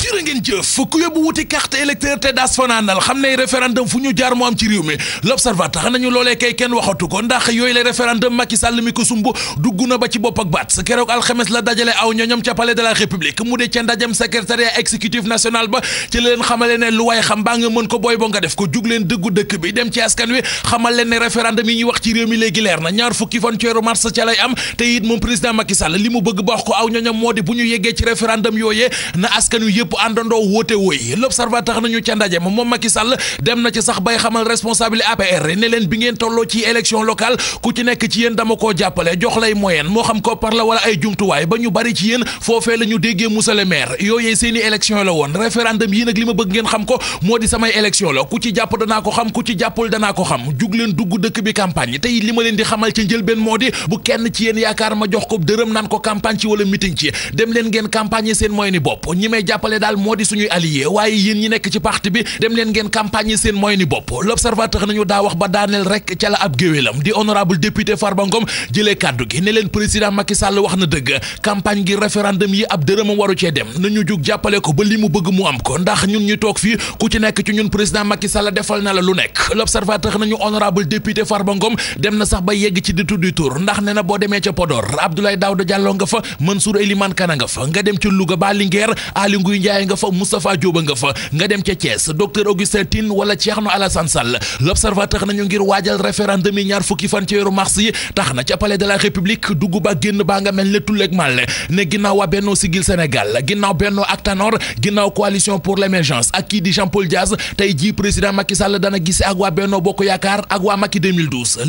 cirë ngeen jëf ku yóbbu wuti carte électeur te fanaanal xam ne référendum fu ñu jaar mu am ci réew mi l'observateur nañu loolee kay kenn waxatu ko ndax yooyu la référendum Macky Sall mi ko sumb dugg na ba ci bopp ak baat keroog alxames la dajale aw ñoñom ca palais de la république mu dee ca ndajem secrétariat exécutif national ba ci leen ne lu waay xam baa nga mën ko booy bo nga def ko jug leen dëggu dëkk bi dem ci askan wi xamal leen ne référendum yi wax ci réew leer na ñaar fukki fan ceeru mars ca lay am te it li mu bëgg ba wax ko aw ñoñom moo di bu ñu yeggee ci référendum yooyee na askan wi yëpp ñëpp àndandoo wóote wooy l'observateur nañu ca ndaje ma moom Macky Sall dem na ci sax bay xamal responsable APR ne leen bi ngeen tolloo ci élection locale ku ci nekk ci yéen dama koo jàppale jox lay moyen moo xam ko par la wala ay jumtuwaay ba ñu bari ci yéen foofee la ñu déggee monsieur le maire yooyee seeni élection la woon référendum yi nag li ma bëgg ngeen xam ko moo di samay élection la ku ci jàpp danaa ko xam ku ci jàppul danaa ko xam jug leen dugg bi campagne tey li ma di xamal ca njëlbeen moo di bu kenn ci yéen ko dërëm naan ko campagne ci wala meeting ci dem campagne seen ni bopp daal moo di suñuy allié waaye yéen ñi nekk ci parti bi dem leen ngeen campagne seen mooy ni bopp l'observateur nañu daa wax ba daaneel rek ca la ab géwélam di honorable député Farba Ngom kàddu gi ne leen président Macky Sall wax na dëgg campagne gi référendum yi ab dërëmam waru cee dem nañu jug jàppale ko ba li mu bëgg mu am ko ndax ñun ñu toog fii ku ci nekk ci ñun président Macky Sall defal na la lu nekk l'observateur nañu honorable député Farba Ngom na sax ba yegg ci di tuddi tur ndax na boo demee ca Podor Abdoulaye Daouda Diallo nga fa Mansour Elimane Kana nga fa nga ba Linguère Aly Ndiaye nga fa Moustapha Diop nga fa nga dem ca Thiès docteur Augustin Tine wala Thierno Alassane Sall l'observateur nañu ngir waajal référendum yi ñaar fukki fan ci weeru mars yi tax na ca palais de la république dugg ba génn baa nga mel ne tulleeg màlle ne ginnaaw waa Benno Siggil Sénégal ginnaaw Benno ak ginnaaw coalition pour l'émergence ak kii di Jean-Paul Diaz tey jii président Macky Sall dana gise ak waa Benno Bokk Yaakaar ak waa Macky 2012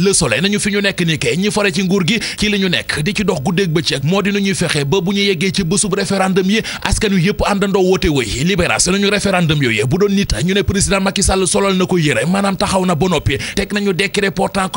woote wëy libération nañu référendum yooyu bu doon nit ñu ne président Macky solal na ko yére maanaam taxaw na ba noppi teg nañu décret portant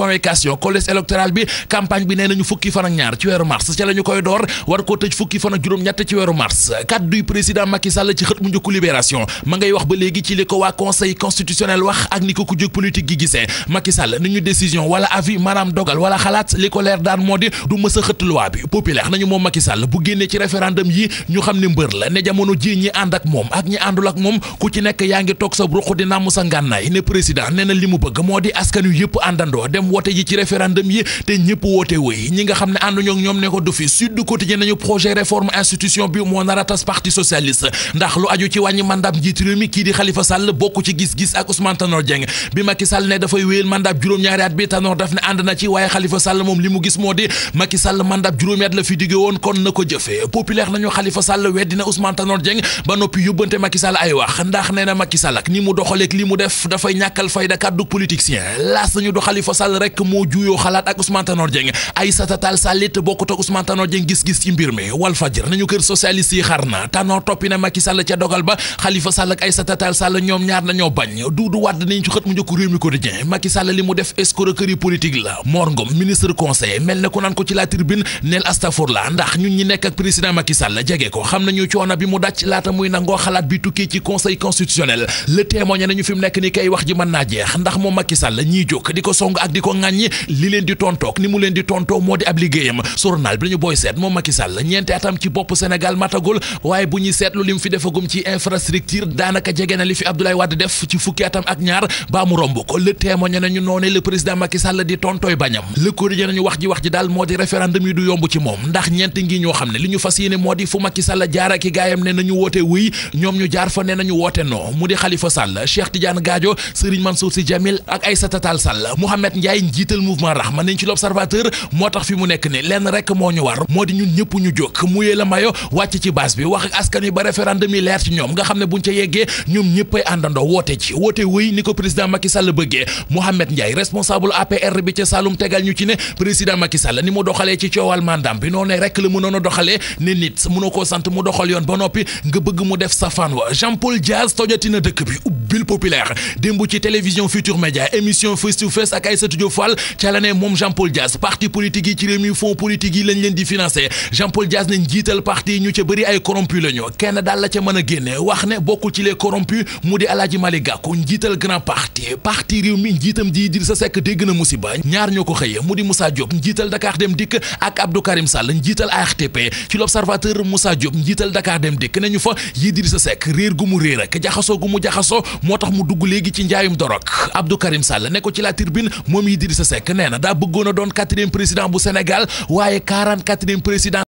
avis maanaam dogal wala xalaat li ko leer daan moo du mës xët loi bi populaire nañu moom Macky bu génnee ci référendum yi ñu xam ne mbër la ne jamono ji ànd ak moom ak ñi àndul ak moom ku ci nekk yaa ngi toog sa ruq di nàmm sa ngànnaay ne président nee li mu bëgg moo di askan yu àndandoo dem wote ji ci référendum yi te ñëpp woote wëy ñi nga xam ne ànduñu ñoom ne ko du fi Sud Quotidien nañu projet réforme institution bi moo nar a tas parti socialiste ndax lu aju ci wàññi mandaam njiitu réew kii di Khalifa Sall bokk ci gis-gis ak Ousmane Tanor Dieng bi Macky Sall ne dafay wéyal mandaam juróom ba noppi yóbbante Macky Sall ay wax ndax nee na Macky Sall ak ni mu doxaleek li mu def dafay ñàkkal fayda kàddu politicien laas nañu doxali fa Sall rek moo juyoo xalaat ak Ousmane Tanor kër socialiste yi xar na Tanor toppi na ca dogal ba Khalifa Sall ak Aïssata Tall Sall ñoom ñaar nañoo bañ Doudou Wade nañ ci xët mu njëkku réew mi quotidien Macky Sall li mu def escroquerie politique la Mor ministre conseil mel na ko naan ko ci la tribune neel astafurla ndax ñun ñi nekk ak président Macky Sall jege ko xam nañu coono bi mu daj laata mu muy nangoo xalaat bi tukkee ci conseil constitutionnel le témoigné nañu fi nekk ni kay wax ji mën naa jeex ndax moom Macky Sall ñiy jóg di ko song ak di ko ŋàññi li leen di tontoog ni mu leen di tontoo moo di ab liggéeyam journal bi dañu booy seet moom Macky Sall ñeenti atam ci bopp Sénégal matagul waaye bu ñuy seetlu li mu fi defagum ci infrastructure daanaka jege na li fi Abdoulaye Wade def ci fukki atam ak ñaar baa mu romb ko le témoigné nañu noonee wuy ñoom ñu jaar fa ne nañu woote no mu di Khalifa Sall Cheikh Tidiane Gadio Serigne Mansour Sy Djamil ak Aïssata Tall Sall Mouhamed Ndiaye njiital mouvement Rahma nañ ci l'observateur moo tax fi mu nekk ni lenn rek moo ñu war moo di ñun ñëpp ñu jóg muyee la mayo wàcc ci base bi wax ak askan wi ba référendum yi leer ci ñoom nga xam ne buñ ca yeggee ñoom ñëppay àndandoo woote ci woote wuy ni ko président Macky Sall bëggee Mouhamed Ndiaye responsable APR bi ca Saloum tegal ñu ci ne président Macky Sall ni mu doxalee ci coowal mandaam bi noonu rek la a doxalee ba bëgg mu def safaan wa Jean Paul Diaz tojatina dëkk bi ubbil populaire démb ci télévision Futur Média émission face to face ak Aïssatou Diop Fall ca la ne moom Jean Paul Diaz parti politique yi ci réew mi fonds politique yi lañ leen di financé Jean Paul Diaz nañ jiital parti ñu ca bëri ay corrompu la kenn daal la ca mën a génne wax ne bokkul ci les corrompus mu di Alaaji Malick Gakou njiital grand parti parti réew mi njiitam ji Idrissa Seck dégg na yi sa sekk réer gu mu réer ak jaxasoo gu mu jaxasoo moo tax mu dugg léegi ci njaayum dorog Abdou Karim Sall ne ko ci la tribune moom yi sa sekk nee na daa bëggoon a doon quatrième président bu Sénégal waaye quarante-quatrième président